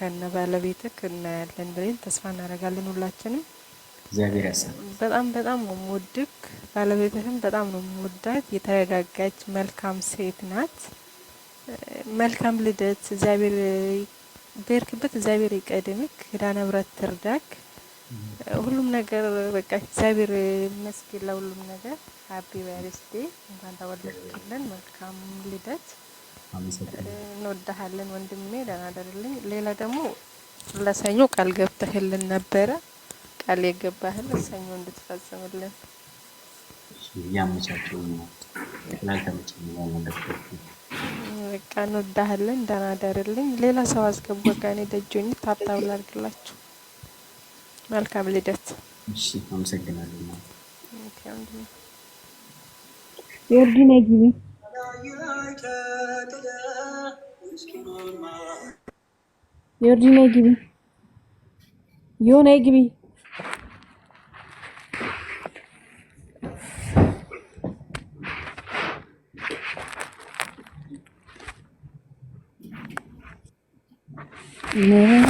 ከነ ባለቤትህ እናያለን ብለን ተስፋ እናደርጋለን ሁላችንም። እግዚአብሔር ያሰብ በጣም በጣም ነው የምወድክ። ባለቤትህም በጣም ነው የምወዳት። የተረጋጋች መልካም ሴት ናት። መልካም ልደት። እግዚአብሔር በርክበት፣ እግዚአብሔር ይቀድምክ፣ ኪዳነ ምሕረት ትርዳክ። ሁሉም ነገር በቃ እግዚአብሔር ይመስገን ለሁሉም ነገር። ሀፒ በርዝዴ! እንኳን ተወለድክልን። መልካም ልደት እንወዳሃለን ወንድሜ፣ ደህና አደርልኝ። ሌላ ደግሞ ለሰኞ ቃል ገብተህልን ነበረ። ቃል የገባህል ሰኞ እንድትፈጽምልን በቃ እንወዳሃለን፣ ደህና አደርልኝ። ሌላ ሰው አስገቡ። በቃ እኔ ደጆኝ ታብታብ ላድርግላችሁ። መልካም ልደት። አመሰግናለሁ። Gördüğün ne gibi? Yo ne gibi? Ne?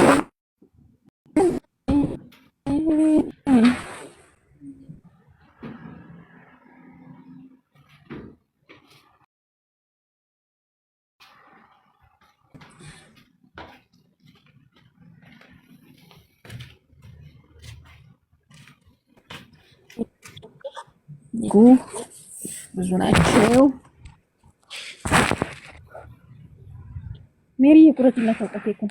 ጉ ብዙ ናቸው። ሜሪ የቁረጥና ተውቀቴኩ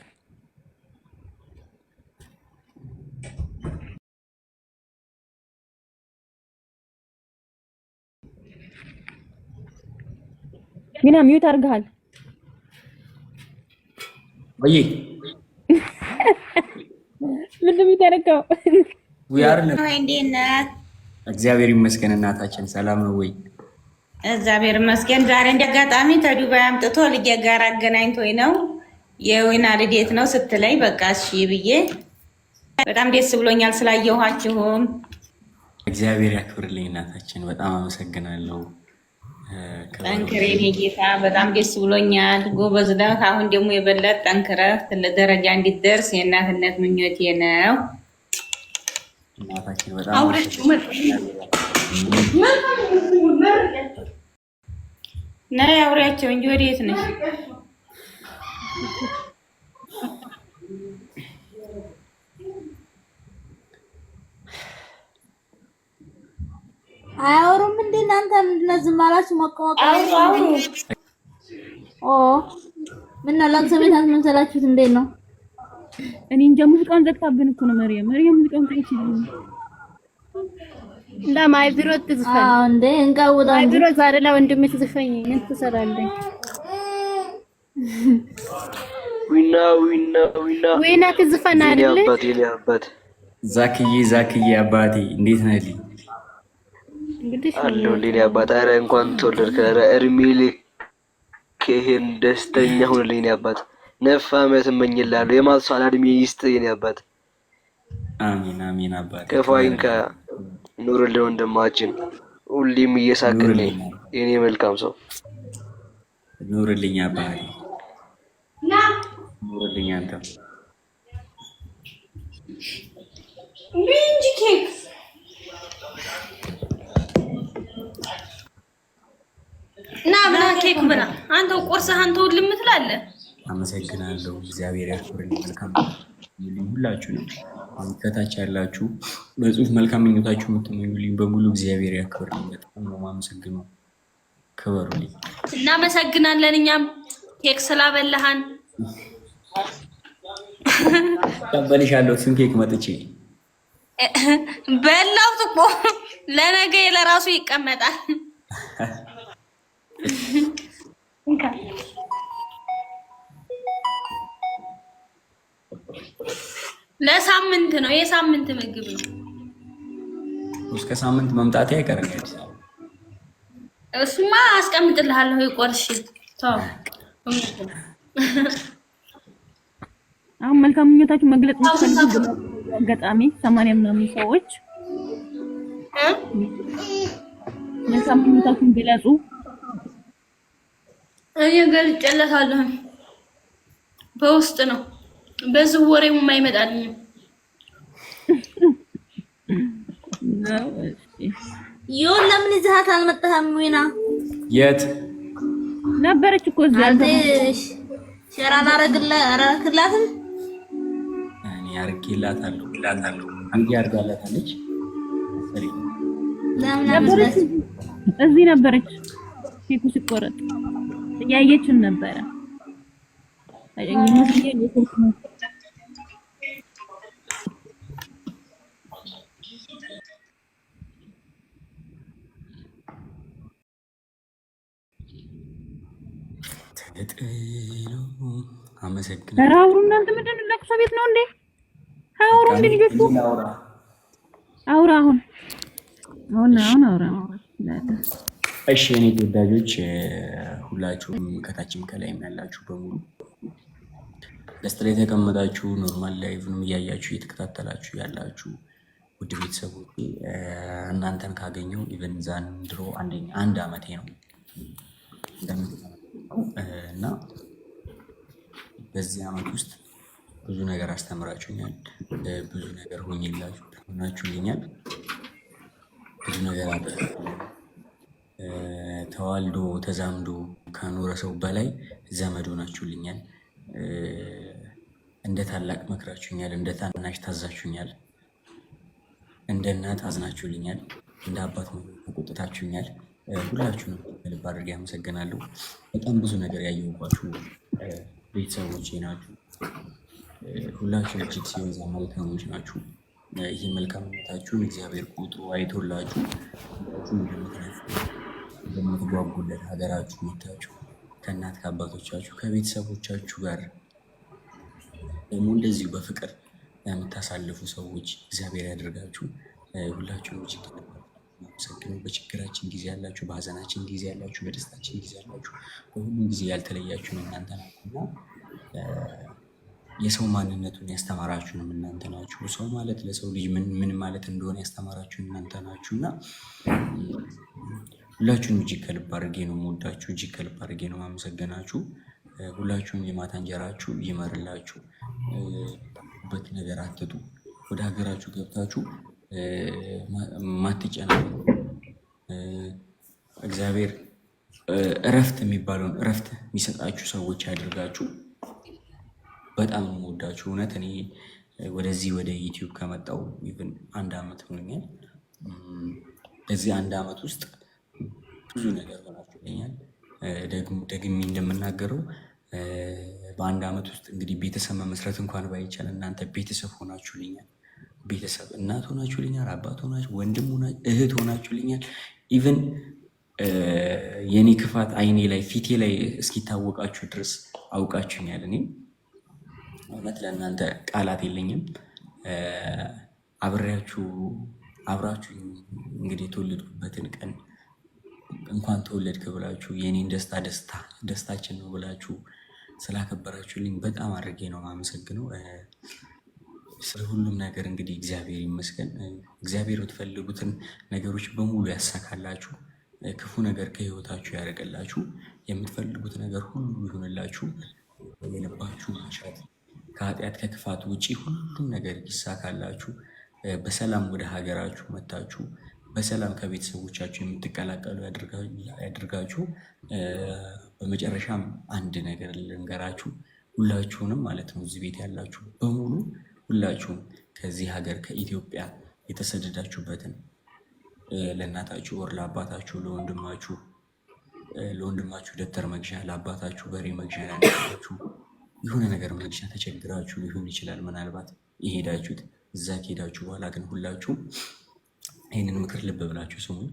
ሚና ሚዩት አድርገሃል ወይ? ምንድን ነው የምታደርገው? እግዚአብሔር ይመስገን። እናታችን ሰላም ነው ወይ? እግዚአብሔር ይመስገን። ዛሬ እንደ አጋጣሚ ተዱባይ አምጥቶ ልጄ ጋር አገናኝቶ ነው የወይና ልዴት ነው ስትለኝ፣ በቃ እሺ ብዬ በጣም ደስ ብሎኛል ስላየኋችሁም። እግዚአብሔር ያክብርልኝ እናታችን፣ በጣም አመሰግናለሁ። ጠንክሬን ጌታ በጣም ደስ ብሎኛል። ጎበዝ ነህ። አሁን ደግሞ የበለጠ ጠንክረህ ትልቅ ደረጃ እንዲደርስ የእናትነት ምኞቴ ነው። እናታችን ነይ አውሪያቸው እንጂ ወዴት ነሽ? አያወሩም እንዴ እናንተ? ምንድን ነው ዝም አላችሁ? ሞቀሞቀ ምን ነው ለቅሶ ቤት አስመሰላችሁት? እንዴት ነው እኔ እንጃ ሙዚቃውን ዘግታብን እኮ ነው መርየም። መርየም ሙዚቃውን ከእቺ እንዳ ማይ ቢሮ ትዝፈን። አዎ እንዴ እንቃውጣ ማይ ቢሮ ዛሬ ላይ ወንድሜ ትዝፈኝ ምን ትሰራለህ? ዊና ዊና ዊና ዊና ትዝፈን አይደል? ዛክዬ ዛክዬ አባቴ እንዴት ነህ? እንግዲህ አለው ሌላ አባት። ኧረ እንኳን ተወለድክ። ኧረ እድሜ ልክ ይሄን ደስተኛ ሁንልኝ አባት ነፍ ዓመት እመኝልሃለሁ። የማልሷል እድሜ ይስጥህ የኔ አባት። አሚን አሚን አባት ክፉ አይንካ። ኑርልን ወንድማችን፣ ሁሌም እየሳቅልኝ የኔ መልካም ሰው ኑርልኝ። አባት ኑርልኝ። አንተም ኬክ ና ብላ ኬክ ምና አንተው ቆርሰህ አንተው ልምትላለህ አመሰግናለሁ። እግዚአብሔር ያክብርን። መልካም ሁላችሁ ነው ከታች ያላችሁ በጽሁፍ መልካም ምኞታችሁ የምትመኙልኝ በሙሉ እግዚአብሔር ያክብርን። በጣም ነው የማመሰግነው። ክበሩልኝ። እናመሰግናለን። እኛም ኬክ ስላበላሃን ቀበልሻለሁ። እሱን ኬክ መጥቼ በላው እኮ ለነገ ለራሱ ይቀመጣል። ለሳምንት ነው። የሳምንት ምግብ ነው። እስከ ሳምንት መምጣቴ አይቀርም። እሱማ አስቀምጥልሃለሁ። ይቆርሽ አሁን መልካም ምኞታችሁ መግለጽ የምትፈልጉ አጋጣሚ ሰማንያ ምናምን ሰዎች መልካም ምኞታችሁን ግለጹ። እኔ ገልጬለታለሁ በውስጥ ነው። በዚህ ወሬውም አይመጣልኝም። ይሁን ለምን ይዘሃት አልመጣህም? ዊና የት ነበረች እኮ እዚህ አንተ እዛ ሸራ አላረክላትም። እኔ አርጌላታለሁ እላታለሁ። አንቺ አርጋላታለች። እዚህ ነበረች። ኬኩ ሲቆረጥ እያየችን ነበረ አመሰግናለሁ። አውሩ እናንተ ምንድን ነው? ለቅሶ ቤት ነው እንዴ? አውሩ እንዴ ልጆቹ። አውራ አሁን አሁን አሁን አውራ። እሺ የኔ ተወዳጆች ሁላችሁም ከታችም ከላይም ያላችሁ በሙሉ በስት ላይ የተቀመጣችሁ ኖርማል ላይቭንም እያያችሁ እየተከታተላችሁ ያላችሁ ውድ ቤተሰቦች እናንተን ካገኘው ኢቨን ዛን ድሮ አንድ አመቴ ነው እና በዚህ ዓመት ውስጥ ብዙ ነገር አስተምራችሁኛል። ብዙ ነገር ሆኝላችሁ ሆናችሁልኛል። ብዙ ነገር አለ። ተዋልዶ ተዛምዶ ከኖረ ሰው በላይ ዘመድ ሆናችሁልኛል። እንደ ታላቅ መክራችሁኛል፣ እንደ ታናሽ ታዛችሁኛል፣ እንደ እናት አዝናችሁልኛል፣ እንደ አባት ቁጥታችሁኛል። ሁላችሁንም ልብ አድርጌ አመሰግናለሁ። በጣም ብዙ ነገር ያየሁባችሁ ቤተሰቦች ናችሁ። ሁላችሁ እጅግ ሲበዛ መልካሞች ናችሁ። ይህ መልካምነታችሁን እግዚአብሔር ቁጥሩ አይቶላችሁ እንደምትጓጉለት ሀገራችሁ መታችሁ ከእናት ከአባቶቻችሁ ከቤተሰቦቻችሁ ጋር ደግሞ እንደዚሁ በፍቅር የምታሳልፉ ሰዎች እግዚአብሔር ያደርጋችሁ ሁላችሁም የማመሰግነው። በችግራችን ጊዜ ያላችሁ፣ በሀዘናችን ጊዜ ያላችሁ፣ በደስታችን ጊዜ ያላችሁ፣ በሁሉም ጊዜ ያልተለያችሁን እናንተ ናችሁና የሰው ማንነቱን ያስተማራችሁንም እናንተ ናችሁ። ሰው ማለት ለሰው ልጅ ምን ማለት እንደሆነ ያስተማራችሁን እናንተ ናችሁ እና ሁላችሁንም እጅግ ከልብ አድርጌ ነው የምወዳችሁ። እጅግ ከልብ አድርጌ ነው የማመሰገናችሁ። ሁላችሁም የማታ እንጀራችሁ ይመርላችሁ። በት ነገር አትጡ። ወደ ሀገራችሁ ገብታችሁ ማትጨናነቁ እግዚአብሔር እረፍት የሚባለውን እረፍት የሚሰጣችሁ ሰዎች ያደርጋችሁ። በጣም የምወዳችሁ እውነት እኔ ወደዚህ ወደ ዩቲዩብ ከመጣው ኢቭን አንድ ዓመት ሆኖኛል። በዚህ አንድ አመት ውስጥ ብዙ ነገር ሆናችሁልኛል። ደግሜ እንደምናገረው በአንድ አመት ውስጥ እንግዲህ ቤተሰብ መመስረት እንኳን ባይቻል እናንተ ቤተሰብ ሆናችሁልኛል። ቤተሰብ እናት ሆናችሁልኛል፣ አባት ሆናችሁ፣ ወንድም ሆናችሁ፣ እህት ሆናችሁልኛል። ኢቨን የእኔ ክፋት አይኔ ላይ ፊቴ ላይ እስኪታወቃችሁ ድረስ አውቃችሁኛል። እኔም እውነት ለእናንተ ቃላት የለኝም። አብሬያችሁ አብራችሁ እንግዲህ የተወለድኩበትን ቀን እንኳን ተወለድክ ብላችሁ የእኔን ደስታ ደስታ ደስታችን ነው ብላችሁ ስላከበራችሁልኝ በጣም አድርጌ ነው የማመሰግነው። ስለ ሁሉም ነገር እንግዲህ እግዚአብሔር ይመስገን። እግዚአብሔር የምትፈልጉትን ነገሮች በሙሉ ያሳካላችሁ፣ ክፉ ነገር ከህይወታችሁ ያደረገላችሁ፣ የምትፈልጉት ነገር ሁሉ ይሆንላችሁ። የልባችሁ መሻት ከኃጢአት ከክፋት ውጪ ሁሉም ነገር ይሳካላችሁ። በሰላም ወደ ሀገራችሁ መታችሁ በሰላም ከቤተሰቦቻችሁ የምትቀላቀሉ ያደርጋችሁ በመጨረሻም አንድ ነገር ልንገራችሁ፣ ሁላችሁንም ማለት ነው እዚህ ቤት ያላችሁ በሙሉ ሁላችሁም ከዚህ ሀገር ከኢትዮጵያ የተሰደዳችሁበትን ለእናታችሁ ወር ለአባታችሁ ለወንድማችሁ ለወንድማችሁ ደብተር መግዣ ለአባታችሁ በሬ መግዣ ያላችሁ የሆነ ነገር መግዣ ተቸግራችሁ ሊሆን ይችላል። ምናልባት የሄዳችሁት እዛ ከሄዳችሁ በኋላ ግን ሁላችሁም ይህንን ምክር ልብ ብላችሁ ስሙኝ።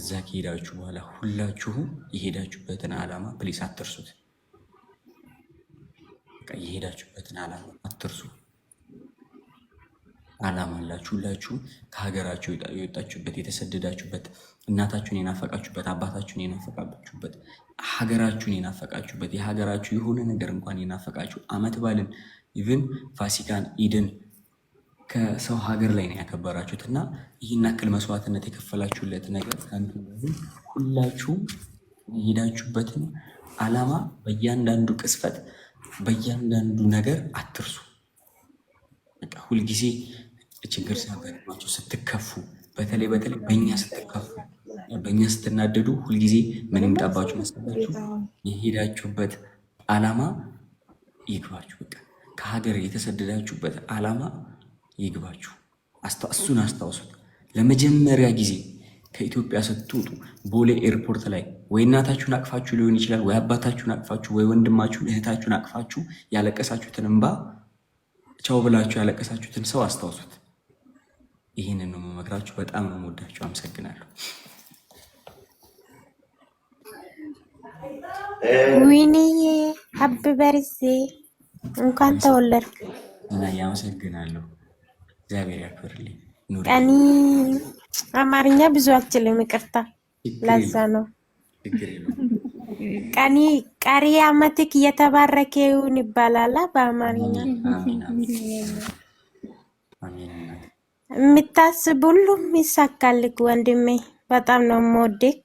እዛ ከሄዳችሁ በኋላ ሁላችሁም የሄዳችሁበትን ዓላማ ፕሊስ አትርሱት። የሄዳችሁበትን ዓላማ አትርሱት። ዓላማ አላችሁ። ሁላችሁም ከሀገራችሁ የወጣችሁበት የተሰደዳችሁበት፣ እናታችሁን የናፈቃችሁበት፣ አባታችሁን የናፈቃችሁበት፣ ሀገራችሁን የናፈቃችሁበት፣ የሀገራችሁ የሆነ ነገር እንኳን የናፈቃችሁ አመት ባልን ኢቭን ፋሲካን፣ ኢድን ከሰው ሀገር ላይ ነው ያከበራችሁት እና ይህን ያክል መስዋዕትነት የከፈላችሁለት ነገር ከንቱ ሁላችሁም የሄዳችሁበትን ዓላማ በእያንዳንዱ ቅስፈት በእያንዳንዱ ነገር አትርሱ። ሁልጊዜ ችግር ሲያጋጥማችሁ ስትከፉ፣ በተለይ በተለይ በእኛ ስትከፉ፣ በእኛ ስትናደዱ፣ ሁልጊዜ ምን ይምጣባችሁ መሰላችሁ? የሄዳችሁበት አላማ ይግባችሁ። በቃ ከሀገር የተሰደዳችሁበት አላማ ይግባችሁ። እሱን አስታውሱት። ለመጀመሪያ ጊዜ ከኢትዮጵያ ስትወጡ ቦሌ ኤርፖርት ላይ ወይ እናታችሁን አቅፋችሁ ሊሆን ይችላል፣ ወይ አባታችሁን አቅፋችሁ፣ ወይ ወንድማችሁን እህታችሁን አቅፋችሁ ያለቀሳችሁትን እንባ ቻው ብላችሁ ያለቀሳችሁትን ሰው አስታውሱት። ይህንን ነው መመክራችሁ። በጣም ነው የምወዳችሁ። አመሰግናለሁ። ዊኒዬ ሀብ በርዜ እንኳን ተወለድክ እና ያመሰግናለሁ። እግዚአብሔር ያክብርልኝ። ቀኒ አማርኛ ብዙ አልችልም፣ ይቅርታ። ለዛ ነው ቀኒ ቀሪ አመትክ እየተባረከ ይሁን ይባላላ በአማርኛ። የምታስብ ሁሉም ይሳካልክ ወንድሜ። በጣም ነው የምወድክ።